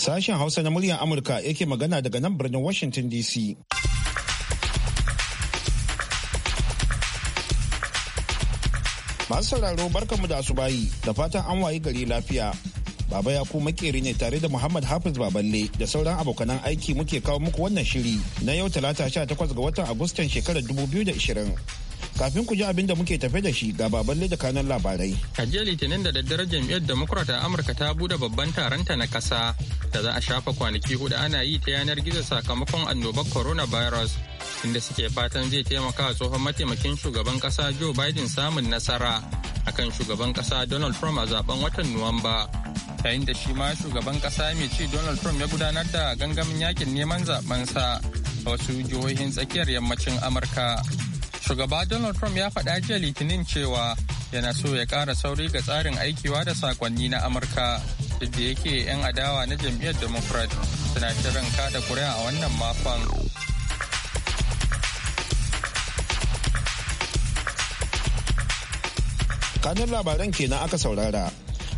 Sashen Hausa na muryar Amurka yake magana daga nan birnin Washington DC. Masu sauraro barkanmu da bayi da fatan an wayi gari lafiya. Baba ya ku makeri ne tare da Muhammad Hafiz Baballe da sauran abokanan aiki muke kawo muku wannan shiri na yau talata 18 ga watan Agustan shekarar 2020. kafin ku ji abin da muke tafe da shi ga baban da kanan labarai. A jiya litinin da daddare jam'iyyar Democrat a Amurka ta bude babban taron ta na kasa da za a shafa kwanaki hudu ana yi ta yanar gizo sakamakon annobar coronavirus inda suke fatan zai taimaka tsohon mataimakin shugaban kasa Joe Biden samun nasara akan shugaban kasa Donald Trump a zaben watan Nuwamba. Yayin da shi ma shugaban kasa mai ci Donald Trump ya gudanar da gangamin yakin neman zabensa a wasu jihohin tsakiyar yammacin Amurka. Shugaba Donald Trump ya faɗa jiya Litinin cewa yana so ya ƙara sauri ga tsarin aikiwa da sakonni na Amurka duk da yake 'yan adawa na jam'iyyar Democrat suna shirin kada kuri'a a wannan makon. Kanin labaran kenan aka saurara.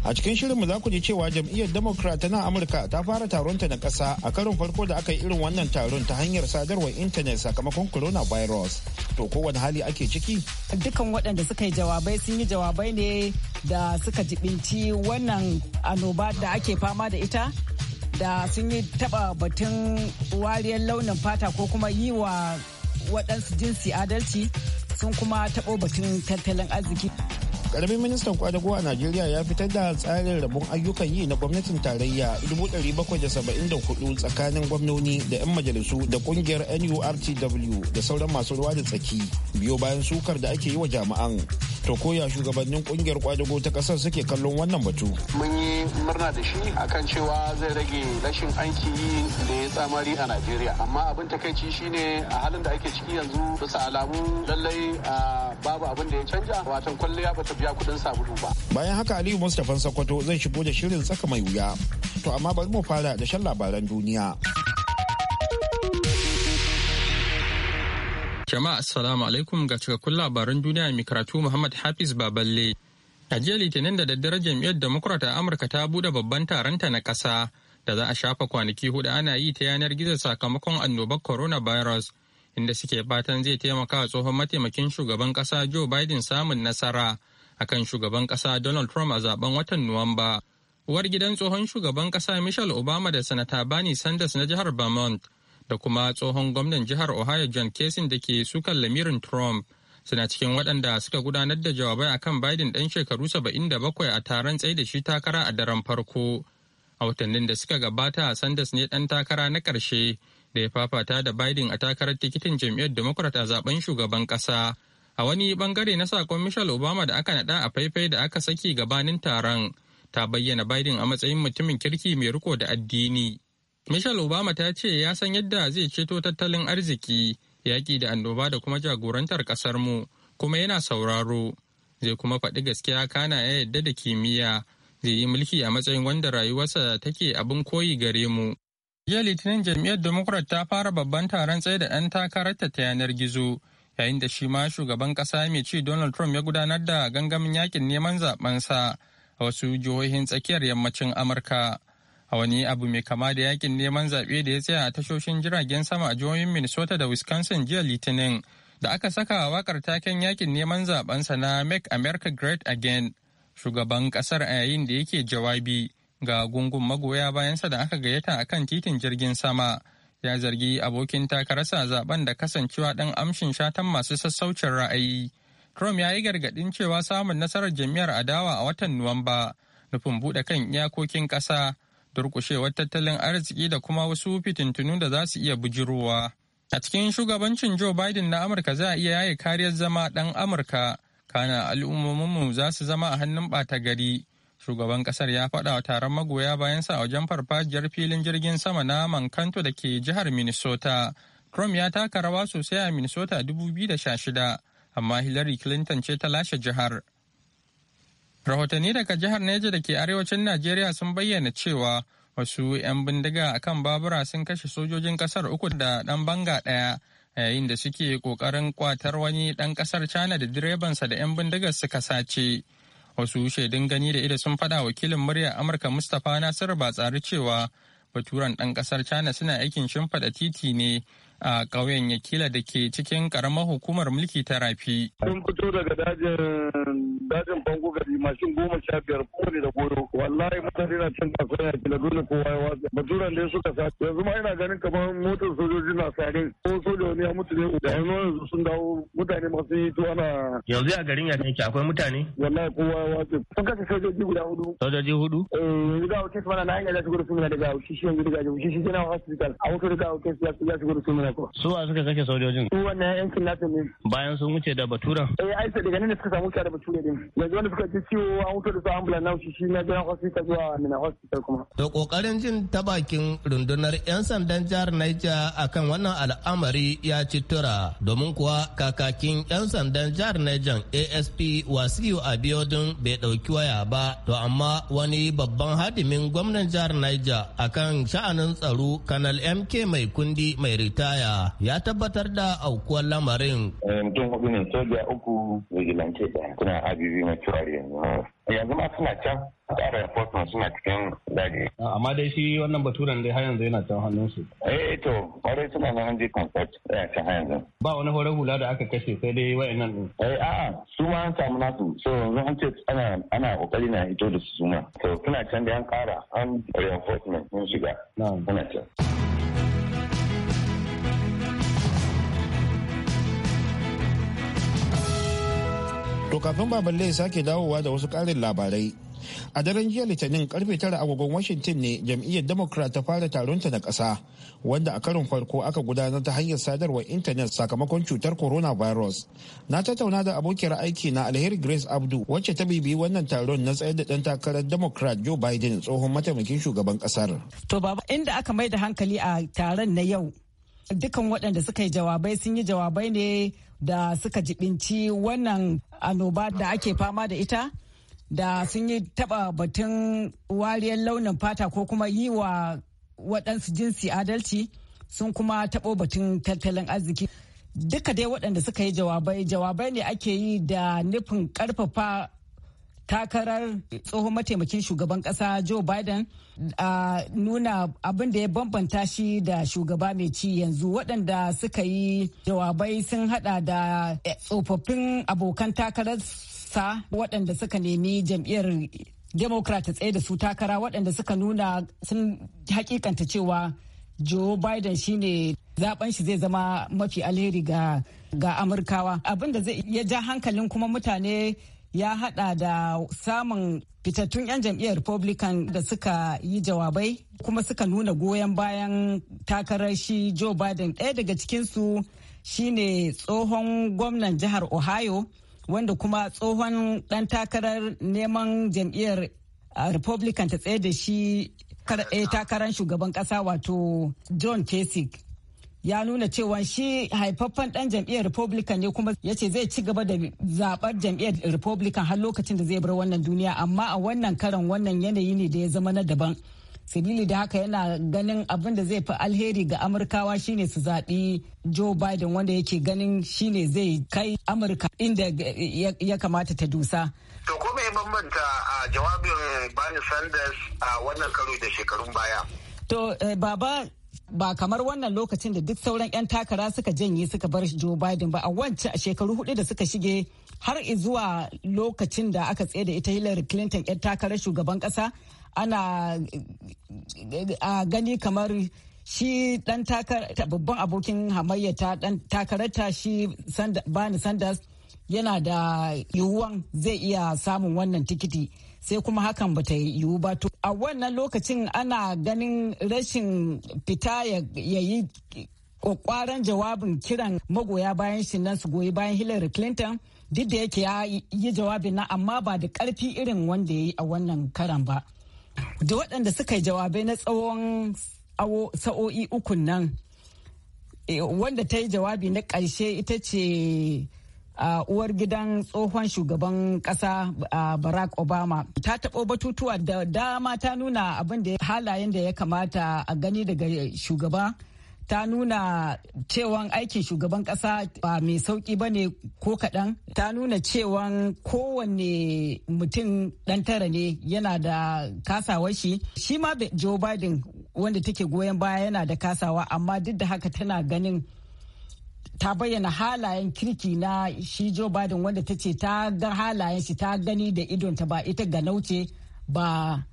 a cikin shirinmu za ku ji cewa jam'iyyar democrat ta nan amurka ta fara taronta na ƙasa a karin farko da aka yi irin wannan taron ta hanyar sadarwar intanet sakamakon coronavirus to kowane hali ake ciki dukkan waɗanda suka yi jawabai sun yi jawabai ne da suka jibinci wannan annoba da ake fama da ita da sun yi taɓa batun wariyar launin fata ko kuma yi wa waɗansu jinsi adalci sun kuma taɓo batun tattalin arziki karamin ministan kwadago a najeriya ya fitar da tsarin rabon ayyukan yi na gwamnatin tarayya 774 tsakanin gwamnoni da 'yan majalisu da kungiyar nurtw da sauran masu ruwa da tsaki biyo bayan sukar da ake yi wa jami'an to koya shugabannin kungiyar kwadago ta kasar suke kallon wannan batu mun yi murna da shi akan cewa zai rage rashin aiki yi da ya tsamari a najeriya amma abin takaici shine a halin da ake ciki yanzu bisa alamu lallai babu abin da ya canja watan kwalliya ba ta biya kudin sabulu ba bayan haka aliyu mustapha sakwato zai shigo da shirin tsaka mai wuya to amma bari mu fara da shan labaran duniya Jama'a Assalamu alaikum ga cikakkun labaran duniya mai karatu Muhammad Hafiz Baballe. A jiya Litinin da daddare jam'iyyar Democrat a Amurka ta bude babban taronta na ƙasa da za a shafa kwanaki hudu ana yi ta yanar gizo sakamakon annobar coronavirus inda suke fatan zai taimaka wa tsohon mataimakin shugaban ƙasa Joe Biden samun nasara akan shugaban ƙasa Donald Trump a zaben watan Nuwamba. Uwar gidan tsohon shugaban ƙasa Michelle Obama da Sanata Bernie Sanders na jihar Vermont da kuma tsohon gwamnan jihar ohio john kesin da ke sukan lamirin trump suna cikin waɗanda suka gudanar da jawabai a kan biden ɗan shekaru 77 a taron tsaye da shi takara a daren farko a watannin da suka gabata sanders ne ɗan takara na ƙarshe da ya fafata da biden a takarar tikitin jam'iyyar democrat a zaben shugaban ƙasa a wani ɓangare na sakon michelle obama da aka naɗa a faifai da aka saki gabanin taron ta bayyana biden a matsayin mutumin kirki mai riko da addini Michelle Obama ta ce ya san yadda zai ceto tattalin arziki, yaƙi da annoba da kuma jagorantar ƙasarmu, kuma yana sauraro. Zai kuma faɗi gaskiya kana ya yadda da kimiyya, zai yi mulki a matsayin wanda rayuwarsa take abin koyi gare mu. Jiya Litinin jam'iyyar Democrat ta fara babban taron tsaye da ɗan takararta ta yanar gizo, yayin da shi ma shugaban ƙasa mai ci Donald Trump ya gudanar da gangamin yakin neman zaɓensa a wasu jihohin tsakiyar yammacin Amurka. a wani abu mai kama da yakin neman zaɓe da ya tsaya a tashoshin jiragen sama a jihohin minnesota da wisconsin jiya litinin da aka saka a wakar taken yakin neman zaɓensa na make america great again shugaban ƙasar a yayin da yake jawabi ga gungun magoya bayansa da aka gayyata a kan titin jirgin sama ya zargi abokin takararsa zaben da kasancewa ɗan amshin shatan masu sassaucin ra'ayi trump ya yi gargaɗin cewa samun nasarar jami'ar adawa a watan nuwamba nufin buɗe kan iyakokin ƙasa durƙushewar tattalin arziki da kuma wasu fitintunu da za su iya bujirowa. A cikin shugabancin Joe Biden na Amurka za a iya yaye kariyar zama ɗan Amurka, kana al'ummominmu za su zama a hannun ɓata gari. Shugaban ƙasar ya faɗa wa taron magoya bayan sa a wajen farfajiyar filin jirgin sama na Mankanto da ke jihar Minnesota. Trump ya taka rawa sosai a Minnesota 2016, amma Hillary Clinton ce ta lashe jihar. Rahotanni daga jihar Neja da ke arewacin Najeriya sun bayyana cewa wasu 'yan bindiga a kan babura sun kashe sojojin kasar uku da ɗan banga ɗaya yayin da suke ƙoƙarin kwatar wani ɗan ƙasar China da direbansa da 'yan bindigar suka sace. Wasu shaidun gani da ido sun faɗa wakilin murya Amurka Mustapha Nasiru ba tsari cewa baturan ɗan ƙasar China suna aikin shimfiɗa titi ne a ƙauyen Yakila da ke cikin ƙaramar hukumar mulki ta Rafi. Sun fito daga dajin dajin bango gari mashin goma sha biyar kowane da goro. Wallahi mutane na can kasuwa kila dole kowa ya wasu. Baturan dai suka sa. Yanzu ma ina ganin kamar motar sojoji na sare. Ko sojo ne ya mutu ne. Da yanzu yanzu sun dawo mutane masu yi to ana. Yanzu a garin ya Yakila akwai mutane? Wallahi kowa ya wasu. Sun kasa sojoji guda hudu. Sojoji hudu? Eh yanzu da wuce su mana na hanyar za su gudu su daga wuce shi yanzu daga wuce shi yana hospital. A wuce daga wuce su ya su gudu su mana ko. Su wa suka kashe sojojin? Su wannan yan kidnapping ne. Bayan sun wuce da baturan? Eh ai sai daga nan suka samu da bature din. Yanzu wanda suka ji ciwo an wuce da su ambulance na shi na gidan hospital zuwa Mina hospital kuma. To kokarin jin ta bakin rundunar yan sandan jihar Niger akan wannan al'amari ya ci tura domin kuwa kakakin yan sandan jihar Niger ASP Wasiu Abiodun bai dauki waya ba to amma wani babban hadimin gwamnan jihar Niger akan sha'anin tsaro Kanal MK mai kundi mai ritaya baya ya tabbatar da aukuwar lamarin. Eh, mutum hudu ne soja uku vigilante da suna abibi na kiwari yanzu. Eh, yanzu ma suna can ƙara enforcement suna cikin daji. Ah, amma dai shi wannan baturen dai har yanzu yana can hannunsu. Eh to kwarai suna na hanji comfort yana can har yanzu. Ba wani horar hula da aka kashe sai dai wa'annan ɗin. Eh a'a su ma an samu nasu so yanzu an ce ana ana kokari na hito da su suna. To suna can da an ƙara an reinforcement sun shiga. Suna can. To kafin baballe ya sake dawowa da wasu karin labarai. A daren jiya Litinin karfe tara agogon Washington ne jam'iyyar Democrat ta fara taronta na ƙasa wanda a karin farko aka gudanar ta hanyar sadarwar intanet sakamakon cutar coronavirus. Na tattauna da abokiyar aiki na Alheri Grace Abdu wacce ta bibi wannan taron na tsayar da ɗan takarar Democrat Joe Biden tsohon mataimakin shugaban ƙasar. To baba inda aka mai da hankali a taron na yau. Dukan waɗanda suka yi jawabai sun yi jawabai ne da suka jibinci wannan annoba da ake fama da ita da sun yi taba batun wariyar launin fata ko kuma yi wa waɗansu jinsi adalci sun kuma taɓo batun tattalin arziki duka dai waɗanda suka yi jawabai jawabai ne ake yi da nufin ƙarfafa takarar tsohon mataimakin shugaban kasa joe biden a nuna abin da ya bambanta shi da shugaba mai ci yanzu waɗanda suka yi jawabai sun hada da eh, tsofaffin abokan takararsa waɗanda suka nemi jam'iyyar democrat ta tsaye da su takara waɗanda suka nuna sun hakikanta cewa joe biden shine zaben shi zai zama mafi alheri ga amurkawa abin da zai ya ja hankalin kuma mutane ya hada da samun fitattun 'yan jam'iyyar republican da suka yi jawabai kuma suka nuna goyon bayan takarar shi joe biden ɗaya daga cikinsu shine tsohon gwamnan jihar ohio wanda kuma tsohon dan takarar neman jam'iyyar uh, republican ta tsaye da shi eh, takarar shugaban kasa wato john kasich ya nuna cewa shi haifaffen dan jam'iyyar republican ne kuma ya ce zai ci gaba da zaɓar jam'iyyar republican har lokacin da zai bar wannan duniya amma a wannan karan wannan yanayi ne da ya zama na daban sabili da haka yana ganin abin da zai fi alheri ga amurkawa shine su zaɓi joe biden wanda yake ganin shine zai kai amurka inda ya kamata ta dusa to ko mai bambanta a jawabin bernie sanders a wannan karo da shekarun baya to eh, baba ba kamar wannan lokacin da duk sauran 'yan takara suka janye suka bar Joe Biden ba a wancan a shekaru hudu da suka shige har zuwa lokacin da aka tsaye da ita Hillary Clinton 'yan takarar shugaban kasa ana a gani kamar shi dan takara babban abokin hamayyata dan takararta shi Bernie Sanders yana da yiwuwan zai iya samun wannan tikiti. sai kuma hakan ba ta yiwu ba to a wannan lokacin ana ganin rashin fita ya yi kwakwaran jawabin kiran magoya bayan shi nan su goyi bayan hillary clinton duk da yake ya yi jawabin na amma ba da karfi irin wanda ya yi a wannan karan ba da waɗanda suka yi jawabai na tsawon sa'o'i ukun nan eh, wanda ta yi jawabi na ƙarshe ita ce Uh, uwar gidan tsohon shugaban kasa uh, barack obama ta taɓo batutuwa da dama ta nuna abin da halayen da ya kamata a gani daga shugaba ta nuna cewan aikin shugaban kasa ba mai sauki ba ne ko kaɗan ta nuna cewan kowanne mutum ɗan tara ne yana da kasawar shi shi ma joe biden wanda take goyon baya yana da kasawa amma duk da haka tana ganin ta bayyana halayen kirki na shi Joe Biden wanda ta ce ta ga halayen shi ta gani da idonta ba ita ganauce ba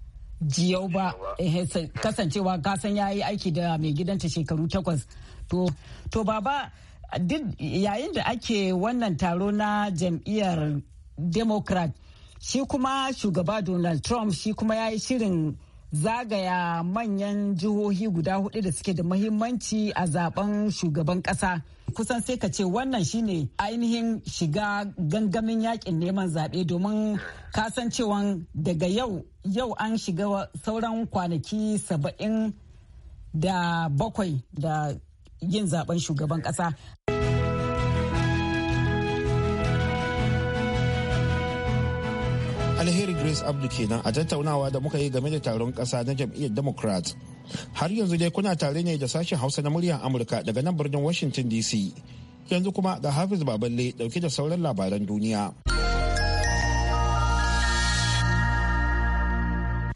jiyau ba eh, eh, kasancewa kasan ya yi aiki da mai gidanta shekaru takwas to baba yayin da ake wannan taro na jam'iyyar democrat shi kuma shugaba donald trump shi kuma ya yi shirin zagaya manyan jihohi guda hudu da suke da mahimmanci a zaben shugaban kasa kusan sai ka ce wannan shine ainihin shiga gangamin yakin neman zaɓe domin kasancewan daga yau yau an shiga sauran kwanaki saba'in da bakwai da yin zaben shugaban kasa. alheri grace abdu kenan a tattaunawa da muka yi game da taron kasa na jam'iyyar democrat har yanzu dai kuna tare ne da sashen hausa na muryar amurka daga nan birnin washington dc yanzu kuma ga hafiz baballe dauke da sauran labaran duniya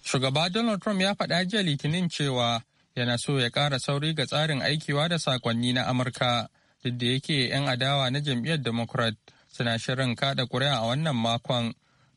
shugaba donald trump ya faɗa jiya litinin cewa yana so ya ƙara sauri ga tsarin aikiwa da sakonni na amurka duk da yake 'yan adawa na jam'iyyar democrat suna shirin kaɗa ƙuri'a a wannan makon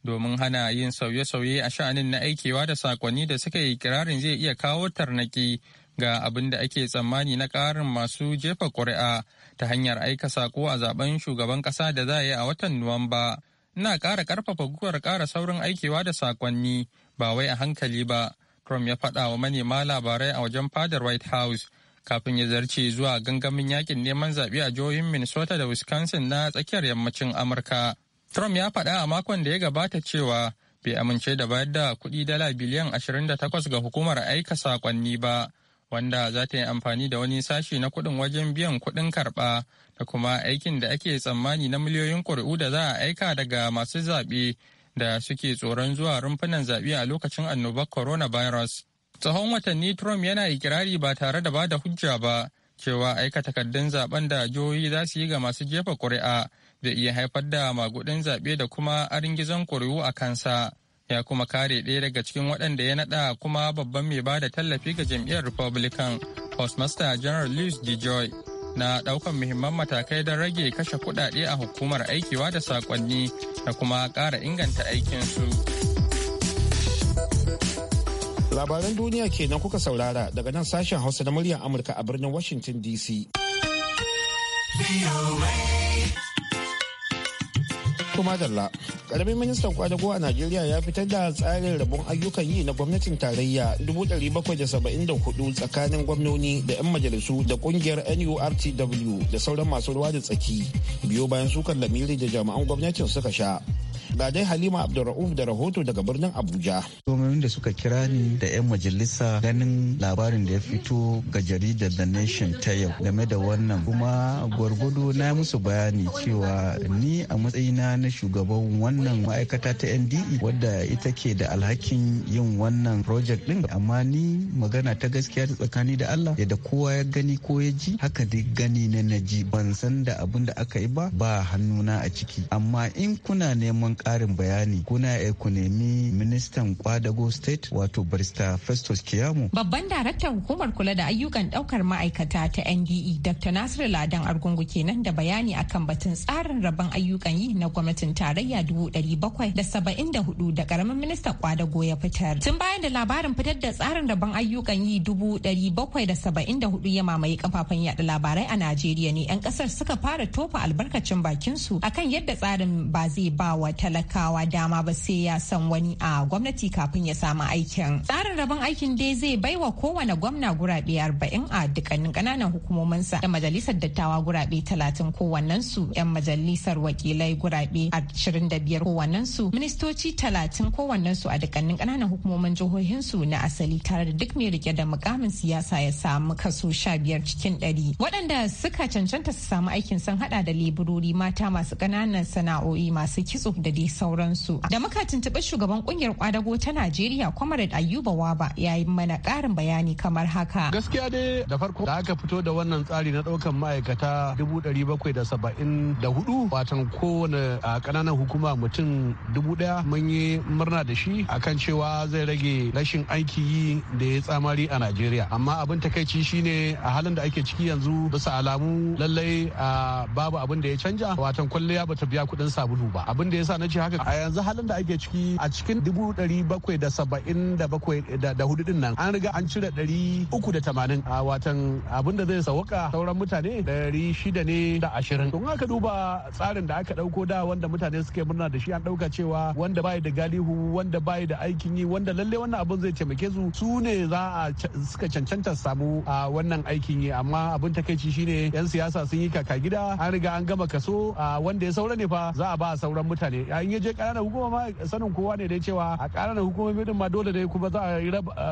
domin hana yin sauye-sauye a sha'anin na aikewa da sakonni da suka yi kirarin zai iya kawo tarnaki ga abin da ake tsammani na ƙarin masu jefa ƙuri'a ta hanyar aika sako a zaben shugaban ƙasa da za a yi a watan Nuwamba. Ina ƙara ƙarfafa guwar ƙara saurin aikewa da sakonni ba wai a hankali ba. Trump ya faɗa wa manema labarai a wajen fadar White House kafin ya zarce zuwa gangamin yakin neman zaɓe a jihohin Minnesota da Wisconsin na tsakiyar yammacin Amurka. Trump ya faɗa a makon da ya gabata cewa bai amince da bayar da kuɗi dala biliyan 28 ga hukumar aika saƙonni ba, wanda za ta yi amfani da wani sashi na kuɗin wajen biyan kuɗin karɓa da kuma aikin da ake tsammani na miliyoyin ƙuri'u da za a aika daga masu zaɓe da suke tsoron zuwa rumfunan zaɓe a lokacin annobar coronavirus. tsohon watanni Trump yana ikirari ba tare da ba da hujja ba cewa aika takaddun zaben da jihohi za su yi ga masu jefa kuri'a. zai iya haifar da magudin zaɓe da kuma arin gizon ƙuri'u a kansa ya kuma kare ɗaya daga cikin waɗanda ya naɗa kuma babban mai bada tallafi ga jam'iyyar republican postmaster general louis dejoy na ɗaukan muhimman matakai don rage kashe kuɗaɗe a hukumar aikiwa da saƙonni da kuma ƙara inganta aikinsu labaran duniya kenan kuka saurara daga nan sashen hausa na muryar amurka a birnin washington dc kuma dalla karamin ministan kwadago a Najeriya ya fitar da tsarin rabon ayyukan yi na gwamnatin tarayya 774 tsakanin gwamnoni da 'yan majalisu da kungiyar NURTW da sauran masu ruwa da tsaki biyo bayan sukan lamiri da jami'an gwamnatin suka sha. Ga dai Halima Abdulra'uf da rahoto daga birnin Abuja. Domin da suka kira ni da 'yan majalisa ganin labarin da ya fito ga jaridar The Nation ta yau game da wannan kuma gwargwado na musu bayani cewa ni a matsayina na shugaban wannan ma'aikata ta NDE wadda ita ke da alhakin yin wannan project din amma ni magana ta gaskiya ta tsakani da Allah yadda kowa ya gani ko ya ji haka dai gani na naji ban san da abin da aka yi ba ba hannuna a ciki amma in kuna neman karin bayani kuna ya ku nemi ministan kwadago state wato barista festus kiyamu. Babban daraktan hukumar kula da ayyukan ɗaukar ma'aikata ta NDE Dr. Nasiru Ladan Argungu kenan da bayani akan batun tsarin rabon ayyukan yi na gwamnatin tarayya dubu dari bakwai da saba'in da hudu da ƙaramin ministan kwadago ya fitar. Tun bayan da labarin fitar da tsarin rabon ayyukan yi dubu dari bakwai da saba'in da hudu ya mamaye kafafen yaɗa labarai a Najeriya ne 'yan ƙasar suka fara tofa albarkacin bakinsu akan yadda tsarin ba zai ba wa talaka talakawa dama ba sai ya san wani a gwamnati kafin ya samu aikin. Tsarin rabon aikin dai zai baiwa kowane gwamna gurabe arba'in a dukkanin kananan hukumominsa da majalisar dattawa gurabe talatin kowannensu 'yan majalisar wakilai gurabe ashirin da biyar kowannensu ministoci talatin kowannensu a dukkanin kananan hukumomin su na asali tare da duk mai rike da mukamin siyasa ya samu kaso 15 cikin ɗari. Waɗanda suka cancanta su samu aikin sun hada da leburori mata masu ƙananan sana'o'i masu kitso da dai sauransu. Da muka tuntuɓi shugaban kungiyar kwadago ta Najeriya Comrade Ayuba Waba yi mana ƙarin bayani kamar haka. Gaskiya dai da farko da aka fito da wannan tsari na ɗaukan ma'aikata dubu ɗari bakwai da saba'in da hudu watan kowane kananan hukuma mutum dubu ɗaya mun yi murna da shi akan cewa zai rage rashin aiki yi da ya tsamari a Najeriya. Amma abin takaici shine a halin da ake ciki yanzu bisa alamu lallai babu abin da ya canja watan kwalliya bata biya kuɗin sabulu ba. Abin da ya sa na na ce haka a yanzu halin da ake ciki a cikin dubu dari bakwai da saba'in da bakwai da hudu din nan an riga an cire dari uku da tamanin a watan abin zai sauka sauran mutane dari shida ne da ashirin don haka duba tsarin da aka ɗauko da wanda mutane suke murna da shi an ɗauka cewa wanda bai da galihu wanda bai da aikin yi wanda lalle wannan abin zai taimake su su ne za a suka cancanta samu a wannan aikin yi amma abin takaici shine yan siyasa sun yi kaka gida an riga an gama kaso a wanda ya saura ne fa za a ba sauran mutane faɗa in ya je ƙananan hukuma ma sanin kowa ne dai cewa a ƙananan hukumomi din ma dole dai kuma za a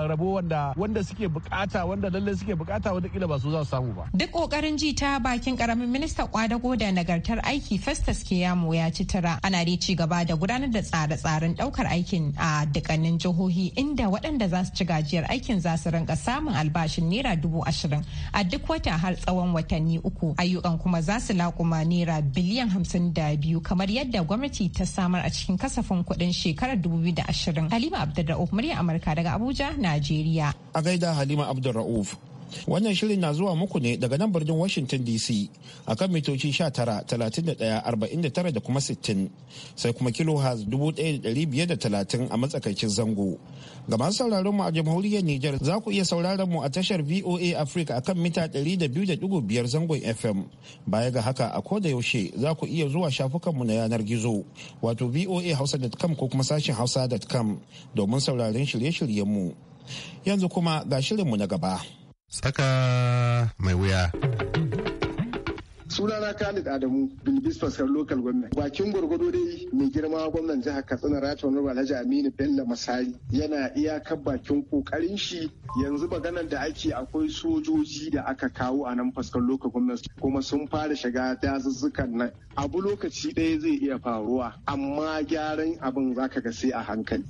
rabo wanda wanda suke bukata wanda lalle suke bukata wanda kila ba su za su samu ba. Duk kokarin ji ta bakin karamin minista kwadago da nagartar aiki Festus Keyamo ya ci tara ana dai ci gaba da gudanar da tsare-tsaren daukar aikin a dukkanin jihohi inda waɗanda za su ci gajiyar aikin za su rinka samun albashin naira dubu ashirin a duk wata har tsawon watanni uku ayyukan kuma za su laƙuma naira biliyan hamsin da biyu kamar yadda gwamnati ta samar a cikin kasafin kuɗin shekarar 2020. Halima Abdulra'uf murya Amurka daga Abuja, Najeriya. A gaida Halima Abdulra'uf. Wannan shirin na zuwa muku ne daga nan birnin Washington DC a kan mitoci 19,31,49 da kuma 60 sai kuma kilohaz 1,530 a matsakaicin zango. Ga masu sauraron mu a jamhuriyar Nijar za ku iya sauraron mu a tashar VOA Africa akan mita 200.5 zangon FM. Baya ga haka a koda yaushe za ku iya zuwa shafukanmu na yanar gizo wato voahausa.com ko kuma sashen hausa.com domin sauraron shirye-shiryen mu. Yanzu kuma ga shirinmu na gaba. Tsaka mai wuya. sunana Khalid Adamu Bilbis Faskar Local gwamnati. Bakin gwargwado dai mai girma gwamnan jihar Katsina Rato Nurba Alhaji Aminu Bello Masari yana iyakar bakin kokarin shi yanzu maganar da ake akwai sojoji da aka kawo a nan Faskar Local gwamnati kuma sun fara shiga dazuzzukan nan. Abu lokaci ɗaya zai iya faruwa amma gyaran abin zaka ga sai a hankali.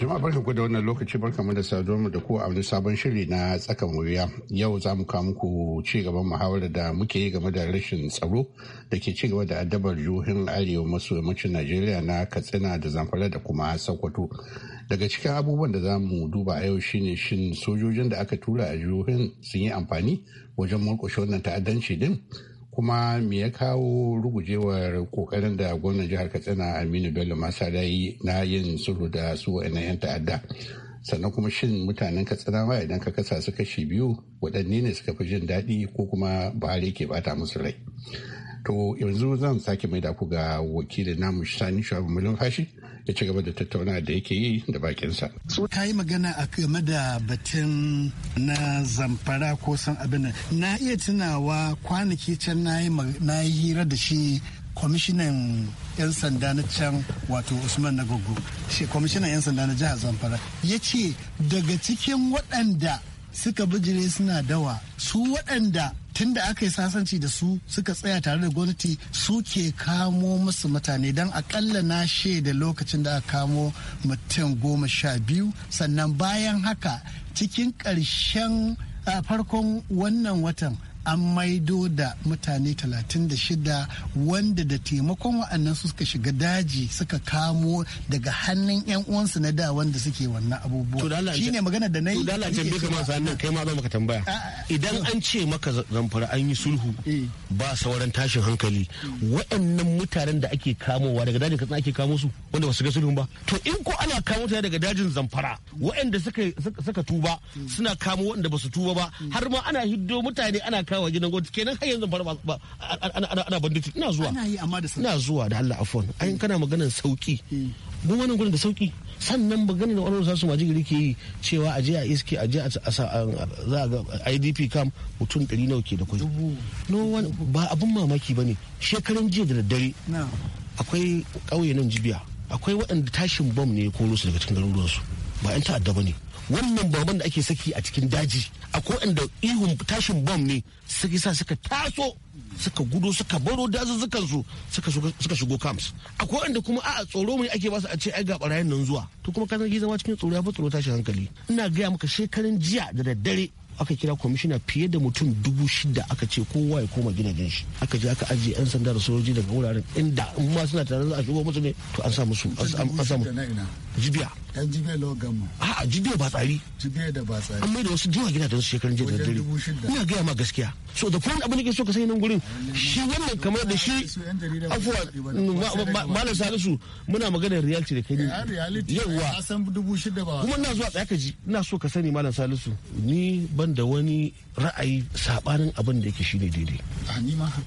Jama'a barkan ku da wannan lokaci barkan mu da saduwar mu da ku a wani sabon shiri na tsakan wuya. Yau za mu kawo muku ci gaban muhawara da muke yi game da rashin tsaro da ke ci gaba da addabar jihohin arewa maso yammacin Najeriya na Katsina da Zamfara da kuma Sokoto. Daga cikin abubuwan da za mu duba a yau shine shin sojojin da aka tura a jihohin sun yi amfani wajen murƙushe wannan ta'addanci din. kuma me ya kawo rugujewar kokarin da gwamnan jihar katsina aminu bello masa yi na yin sulhu da su wa'annan 'yan ta'adda sannan kuma shin mutanen katsina ma idan ka kasa su kashi biyu waɗanne ne suka fi jin daɗi ko kuma buhari ke bata musu rai To yanzu zan sake mai da ku ga wakilin namu Sani milon Mulumfashi ya ci gaba da tattauna da yake yi da bakinsa. So ka yi magana a game da batun na zamfara ko san abin na iya tunawa kwanaki can na yi hira da shi kwamishinan 'yan sanda na can wato usman na gugu shi kwamishinan 'yan sanda na jihar zamfara ya ce daga cikin waɗanda suka bijire suna dawa su waɗanda tun da aka yi sasanci da su suka tsaya tare da gwamnati su ke kamo musu mutane don akalla na shaida lokacin da aka kamo mutum goma sha biyu sannan bayan haka cikin ƙarshen farkon wannan watan an maido da mutane 36 wanda da taimakon wa'annan su suka shiga daji suka kamo daga hannun 'yan uwansu na da wanda suke wannan abubuwa shi ne magana da na yi dala tambaye ka masu hannun kai ma maka tambaya idan an ce maka zamfara an yi sulhu eh. ba sauran tashin hankali wa'annan mutanen da ake kamowa daga daji ka ake kamo su wanda ba su ga sulhun ba to in ko ana kamo ta daga dajin zamfara waɗanda suka tuba suna kamo waɗanda ba su tuba ba har ma ana hiddo mutane ana kawo gidan gwamnati kenan har yanzu zamfara ba ana banditi ina zuwa ina zuwa da Allah afwan ai kana maganar sauki don wannan gurin da sauki sannan maganar da wani maji gari ke yi cewa a je a iske a je a za a ga idp kam mutum ɗari nawa ke da kwai ba abin mamaki ba ne shekaran jiya da daddare akwai kauye nan jibiya akwai waɗanda tashin bom ne ko rusu daga cikin garuruwansu ba 'yan ta'adda ba ne wannan baban da ake saki a cikin daji akwai waɗanda ihun tashin bom ne suka sa suka taso suka gudu suka baro dazuzzukan su suka shigo camps akwai waɗanda kuma a tsoro ne ake basu a ce ai ga barayin nan zuwa to kuma kana zama cikin tsoro ya fi tsoro tashin hankali ina gaya maka shekarun jiya da daddare aka kira kwamishina fiye da mutum dubu shida aka ce kowa ya koma gina gidan shi aka je aka ajiye yan sanda da sojoji daga wuraren inda in ma suna tare da a shigo musu ne to an sa musu an sa jibiya yan jibe lo gamu a jibe ba tsari jibe da ba tsari an da wasu jiwa da wasu shekarun jiya da dare ina gaya ma gaskiya so da kowane da ke so ka sai nan gurin shi wannan kamar da shi afuwa malam salisu muna maganar reality da kai ne yawa kuma ina zuwa tsaya ka ji ina so ka sani malam salisu ni ban da wani ra'ayi sabanin abin da yake shine daidai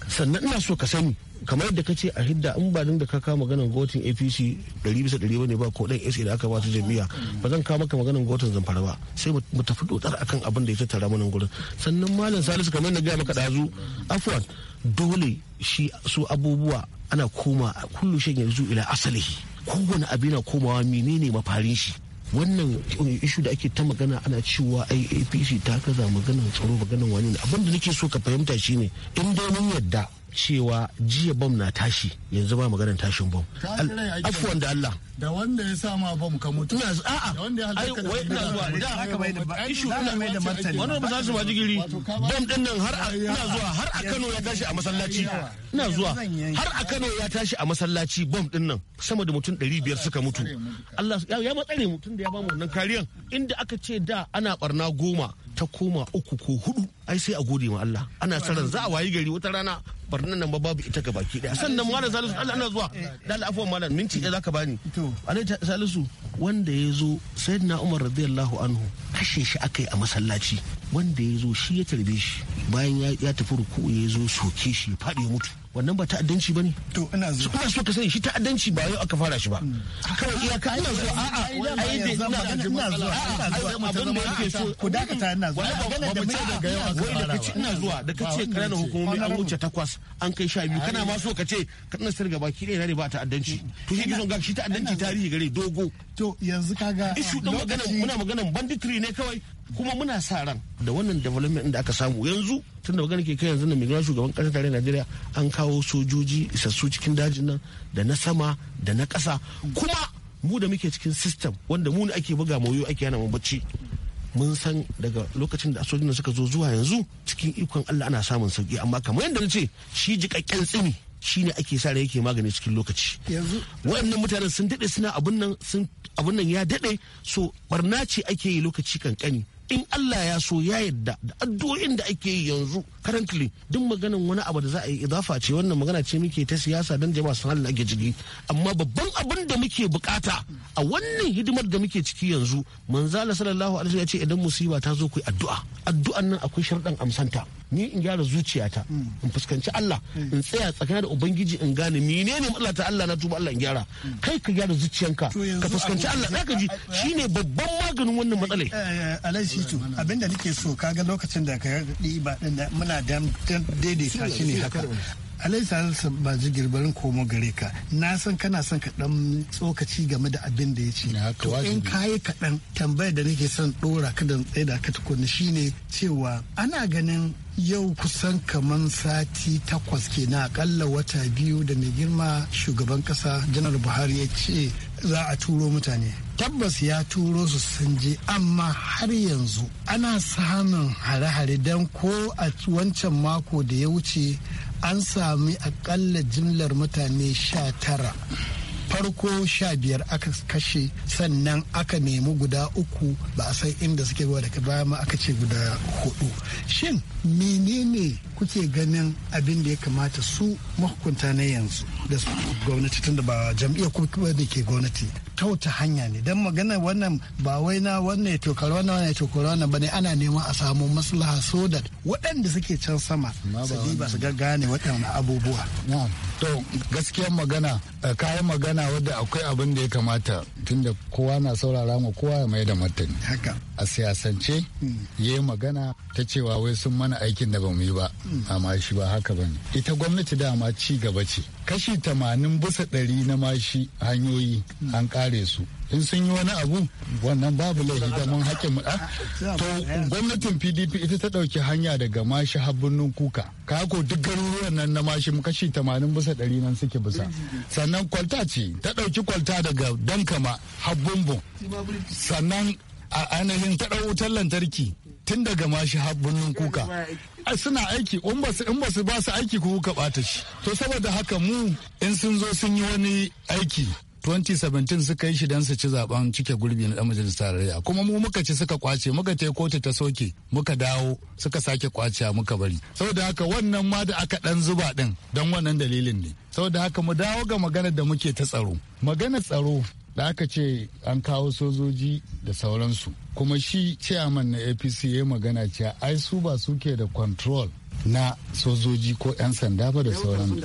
sannan ina so ka sani kamar yadda ka ce a hidda in ba da ka kama ganin gotin apc 100 bisa 100 bane ba ko dan sa da aka ba su jami'a ba zan kama maka maganin gotin zamfara ba sai mu tafi dotar akan abin da ya tattara mana gurin sannan malam salisu kamar na gaya maka dazu afwan dole shi su abubuwa ana koma kullu shan yanzu ila asali kowane abu yana komawa menene mafarin shi wannan ishu da ake ta magana ana cewa apc ta kaza maganan tsaro maganan wani abin da nake so ka fahimta shine in dai mun yadda cewa jiya bom na tashi yanzu ba maganar tashin bom afuwan da Allah da wanda ya sama bom ka mutu ina a'a ai wai ina zuwa da haka bai da ishu ina mai da martani wannan ba za su ba jigiri bom din nan har ina zuwa har a Kano ya tashi a masallaci ina zuwa har a Kano ya tashi a masallaci bom din nan sama da mutum 500 suka mutu Allah ya matsare mutum da ya ba mu wannan kariyan inda aka ce da ana barna goma ta koma uku ko hudu ai sai a gode ma Allah ana saran za a wayi gari wata rana barnan nan babu ita ga baki daya sannan malam salisu Allah ana zuwa da al'afuwa malam minti ɗaya zaka bani alaita salisu wanda ya zo sayyidina Umar radiyallahu anhu kashe shi akai a masallaci wanda ya zo shi ya tarbe shi bayan ya tafi ruku ya zo soke shi faɗi mutu wannan ba ta'addanci bane to ina zuwa kuma so ka sani shi ta'addanci ba yau aka fara shi ba hmm. kawai iyaka ina zuwa a'a ai da ina ina zuwa abin da yake so ku dakata ina zuwa magana da mai daga yau aka fara wai ina zuwa da ka kace kana hukumomi an wuce takwas an kai sha biyu kana ma so ka ce kana sirga baki ɗaya ne ba ta'addanci to shi gizon ga shi ta'addanci tarihi gare dogo to yanzu kaga ishu din magana muna maganan banditry ne kawai kuma muna sa ran da wannan development da aka samu yanzu tun da magana ke kai yanzu na migiran shugaban kasa tare Najeriya an kawo sojoji isassu cikin dajin nan da na sama da na ƙasa kuma mu da muke cikin system wanda mu ne ake buga mawuyo ake yana bacci mun san daga lokacin da sojojin suka zo zuwa yanzu cikin ikon Allah ana samun sauki amma kamar yadda na ce shi jikakken tsimi ne ake sa yake magani cikin lokaci Yanzu. Wannan mutanen sun dade suna abun nan sun abun nan ya daɗe so barna ce ake yi lokaci kankani in Allah ya so ya yadda da addu'o'in da ake yi yanzu currently duk maganin wani abu da za a yi idafa ce wannan magana ce muke ta siyasa don jama'a sanar da ake jigi amma babban abin da muke bukata a wannan hidimar da muke ciki yanzu manzala sallallahu alaihi ya ce idan musiba ta zo ku addu'a addu'an nan akwai sharɗan amsanta ni in gyara zuciyata in fuskanci Allah in tsaya tsakanin da ubangiji in gane menene matsala ta Allah na tuba Allah in gyara kai ka gyara zuciyanka ka fuskanci Allah zaka ji shine babban maganin wannan matsalai eh, eh, Abin abinda nake so kaga lokacin da ka ba din muna daidaita shi ne haka alaisa ba ji girbarin komo gare ka na san kana son kaɗan tsokaci game da abin da ya ce to in kayi kaɗan tambayar da nake son ɗora ka da tsaye da ka tukunna shine cewa ana ganin yau kusan kaman sati takwas ke na akalla wata biyu da mai girma shugaban ƙasa janar buhari ya ce za a turo mutane tabbas ya turo su sun je amma har yanzu ana samun hare-hare don ko a wancan mako da ya wuce an sami akalla jimlar mutane sha tara farko sha biyar aka kashe sannan aka nemi guda uku ba a san inda suke ba daga baya ma aka ce guda hudu shin menene kuke ganin abin da ya kamata su mahukunta na yanzu da su gwamnati tun da ba jam'iyyar kuma da ke gwamnati ta wata hanya ne don magana wannan ba wai na wannan ya tokar wannan wannan ya tokar wannan ba ana neman a samu maslaha so da waɗanda suke can sama sabi ba su gaggane waɗannan abubuwa. to gaskiyar magana eh, kayan magana wadda akwai abin da ya kamata tunda kowa na saurara ma kowa ya mai da martani a siyasance hmm. ya yi magana ta cewa wai sun mana aikin da ba mu yi ba amma shi ba haka bane ita gwamnati dama ci gaba ce kashi tamanin bisa ɗari na mashi hanyoyi an kare su in sun yi wani abu wannan babu laifi zaman haƙƙin ah. to gwamnatin pdp ita ta ɗauki hanya daga mashi habbinin kuka kako duk garuruwan nan na mashi kashi tamanin bisa ɗari nan suke bisa sannan kwalta ce ta ɗauki kwalta daga dankama habbunbun sannan a ainihin ta ɗau wutar lantarki tun daga mashi habbunin kuka suna aiki in ba su ba su aiki ku kuka bata shi to saboda haka mu in sun zo sun yi wani aiki 2017 suka yi shi don su ci zaben cike gurbi na dan majalisar tarayya kuma mu muka ci suka kwace muka tai kotu ta soke muka dawo suka sake kwace muka bari saboda haka wannan ma da aka dan zuba din don wannan dalilin ne saboda haka mu dawo ga maganar da muke ta tsaro maganar tsaro da aka ce an kawo sojoji da sauransu kuma shi chairman na apc ya magana cewa ai su ba suke da control na sojoji ko 'yan sanda ba da sauran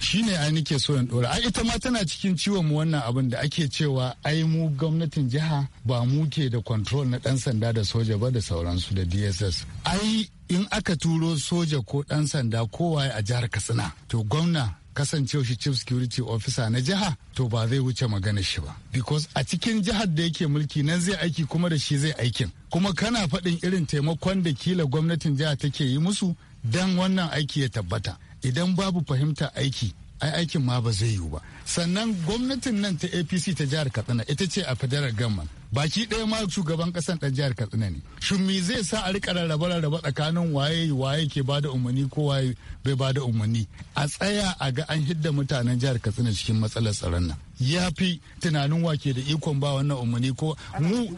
shi ne ai nike so in dora ai ita ma tana cikin ciwon mu wannan abin da ake cewa ai mu gwamnatin jiha ba mu ke da control na dan sanda da soja ba da sauransu da dss ai in aka turo soja ko dan sanda kowa a jihar katsina to gwamna kasancewa shi chief security officer na jiha to ba zai wuce magana shi ba because a cikin jihar da yake mulki nan zai aiki kuma da shi zai aikin kuma kana faɗin irin taimakon da kila gwamnatin jiha take yi musu dan wannan aiki ya tabbata idan babu fahimta aiki ai aikin ma ba zai yiwu ba sannan gwamnatin nan ta apc ta jihar katsina ita ce a federal government baki ɗaya ma shugaban ƙasan ɗan jihar katsina ne shin me zai sa a rika rarraba rarraba tsakanin waye waye ke bada umarni ko waye bai bada umarni a tsaya a ga an hidda mutanen jihar katsina cikin matsalar tsaron nan ya fi tunanin wa ke da ikon ba wannan umarni ko mu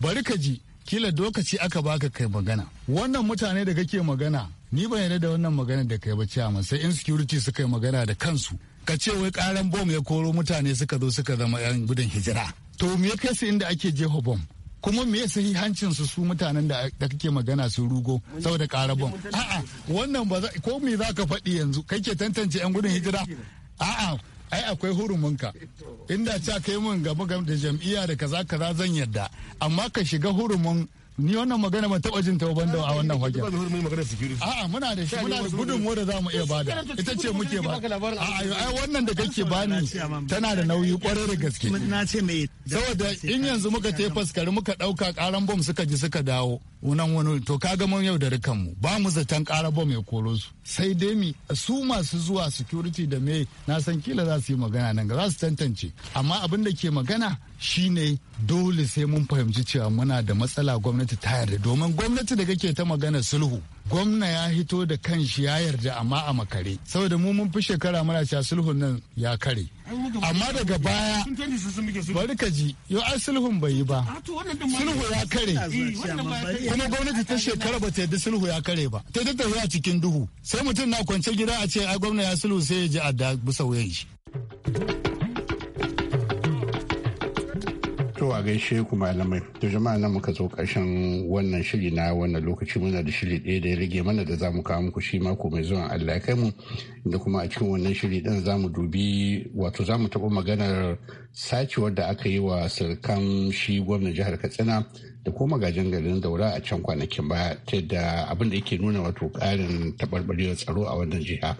bari ka ji kila dokaci aka baka kai magana wannan mutane da kake magana ni ban yarda da wannan magana da kai ba ciyaman sai insecurity suka yi magana da kansu ka ce wai karan bom ya koro mutane suka zo suka zama yan gudun hijira to me kai su inda ake jefa bom kuma me sahihancin su su mutanen da kake magana su rugo saboda bom a'a wannan ba za ko me za ka faɗi yanzu kai ke tantance yan gudun hijira a'a ai akwai huruminka inda ca kai mun gaba da jam'iyya da kaza kaza zan yadda amma ka shiga hurumin ni wannan magana ban taba jin ta ban a wannan fagen a'a muna da shi muna da wadda za zamu iya bada ita ce muke ba a'a ai wannan da kake bani tana da nauyi kwarai da gaske saboda in yanzu muka te faskari muka ɗauka karan bom suka ji suka dawo unan wani to kaga mun yau da rikan mu ba mu zaton karan bom ya koro su sai dai mi su masu zuwa security da me na san kila za su yi magana nan ga za su tantance amma abin da ke magana shine dole sai mun fahimci cewa muna da matsala gwamnati ta yarda domin gwamnati da kake ta magana sulhu gwamna ya hito da kanshi ya yarda amma a makare saboda mu mun fi shekara muna cewa sulhun nan ya kare amma daga baya bari ka ji yau ai sulhun bai yi ba sulhu ya kare kuma gwamnati ta shekara ba ta yadda sulhu ya kare ba ta yadda a cikin duhu sai mutum na kwance gida a ce ai gwamna ya sulhu sai ya ji adda bisa wuyan shi To a gaishe ku malamai. To jama'a nan muka zo ƙarshen wannan shiri na wannan lokaci muna da shiri ɗaya da ya rage mana da za mu kawo muku shi mako mai zuwan Allah ya kai mu. Da kuma a cikin wannan shiri ɗin zamu dubi wato zamu mu taɓa maganar sacewar da aka yi wa sirkan shi gwamnan jihar Katsina da kuma magajin garin daura a can kwanakin baya ta da abin da yake nuna wato ƙarin taɓarɓarewar tsaro a wannan jiha.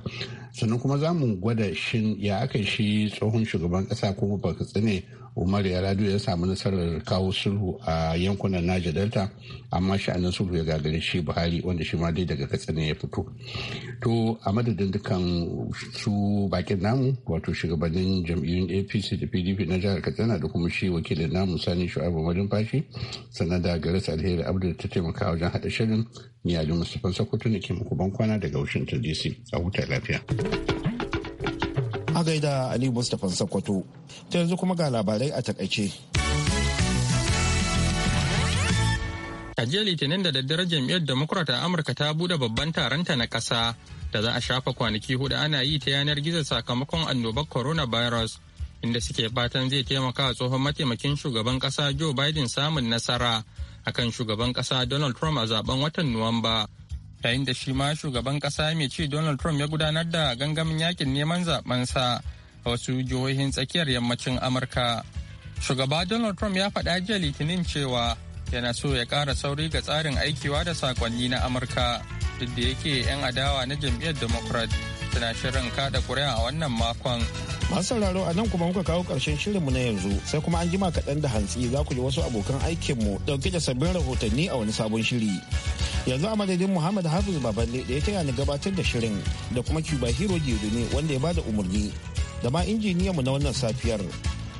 Sannan kuma zamu gwada shin ya aka shi tsohon shugaban ƙasa ko ba ne umar yaradu ya samu nasarar kawo sulhu a yankunan naja delta amma sha'anin sulhu ya gagare shi buhari wanda shi ma dai daga katsina ya fito to a madadin dukkan su bakin namu wato shugabannin jam'iyyun apc da pdp na jihar katsina da kuma shi wakilin namu sani shu'abu madin fashi sannan da garis alheri abdul ta taimaka wajen haɗa shirin ni ali mustapha sokoto ne ke muku bankwana kwana daga washington dc a huta lafiya. a gaida ali mustapha sokoto ta yanzu kuma ga labarai a takaice a jiya litinin da daddare jam'iyyar demokrata a amurka ta bude babban taronta na kasa da za a shafa kwanaki hudu ana yi ta yanar gizo sakamakon annobar coronavirus inda suke fatan zai taimaka tsohon mataimakin shugaban kasa joe biden samun nasara akan shugaban kasa donald trump a zaben watan nuwamba yayin da shi ma shugaban kasa mai ci donald trump ya gudanar da gangamin yakin neman sa a wasu jihohin tsakiyar yammacin amurka shugaba donald trump ya faɗa jiya litinin cewa yana so ya ƙara sauri ga tsarin aikiwa da sakonni na amurka duk da yake 'yan adawa na jam'iyyar democrat tana shirin kada kuri'a a wannan makon. Masu sauraro a nan kuma muka kawo ƙarshen shirinmu na yanzu sai kuma an jima kaɗan da hantsi za ku ji wasu abokan aikinmu ɗauke da sabbin rahotanni a wani sabon shiri. Yanzu a madadin Muhammad Hafiz Babalde da ya taya ni gabatar da shirin da kuma Cuba Hero ne wanda ya bada umarni da ma injiniyanmu na wannan safiyar.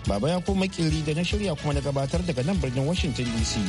Baba ya koma makiri da na shirya kuma na gabatar daga nan birnin Washington DC.